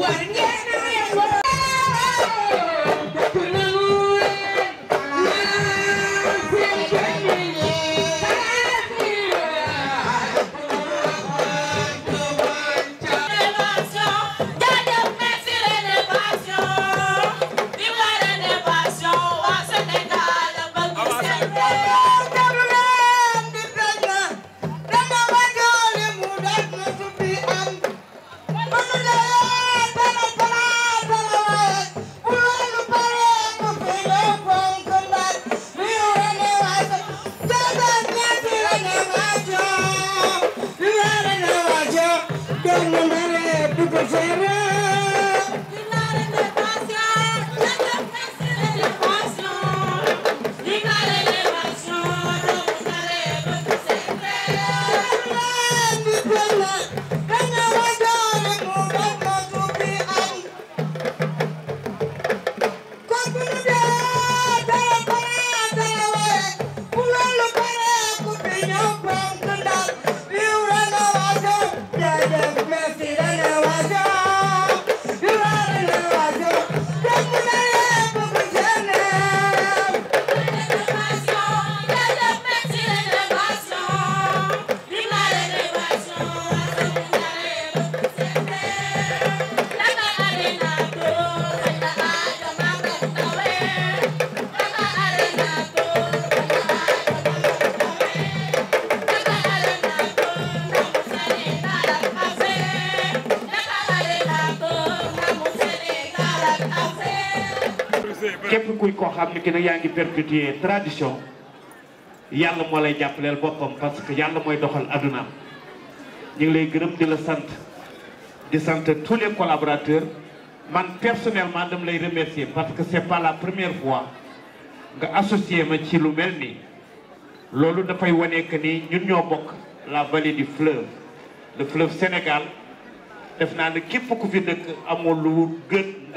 What? kuy ko xamni ki nak yaa ngi perpétuer tradition yalla mo lay jàppaleel bopam parce que yalla moy doxal aduna ñu lay gërëm di la sant di sant tous les collaborateurs man personnellement dam lay remercier parce que c'est pas la première fois nga associer ma ci lu melni lolu da fay wane que ni ñun ño bok la vallée du fleuve le fleuve Sénégal def naa ne képp ku fi dëkk amoo lu gën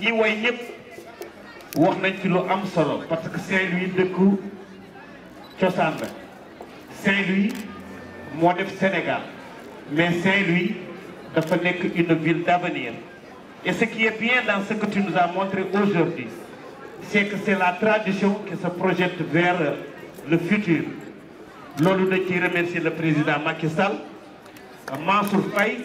ñi wax nañ ci lu am solo parce que c'est lui dëkku cosaan la Saint-Louis moo def Sénégal mais Saint-Louis dafa nekk une ville d'avenir et ce qui est bien dans ce que tu nous as montré aujourd'hui c'est que c'est la tradition qui se projette vers le futur loolu remercie ciy remercier le président Macky Sall Mansour Faye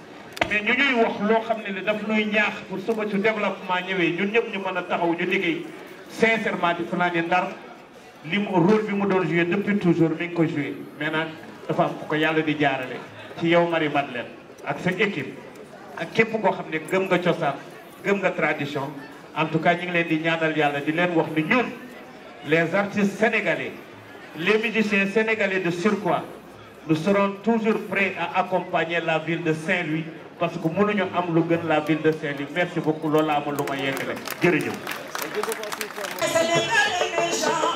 mais ñu ñuy wax loo xam ne daf nuy ñaax pour suba su développement ñëwee ñun ñëpp ñu mën a taxaw ñu liggéey sincèrement di fanaa ne ndar li mu rôle bi mu doon joué depuis toujours mi ngi ko joué maintenant dafa am ko yàlla di jaarale ci yow Marie Madeleine ak sa équipe ak képp koo xam ne gëm nga cosaan gëm nga tradition en tout cas ñu ngi leen di ñaanal yàlla di leen wax ni ñun les artistes sénégalais les musiciens sénégalais de surcroît nous serons toujours prêts à accompagner la ville de Saint-Louis parce que mënuñu am lu gën la ville de saint merci beaucoup loolu amul lu ma yeggale jërëjëf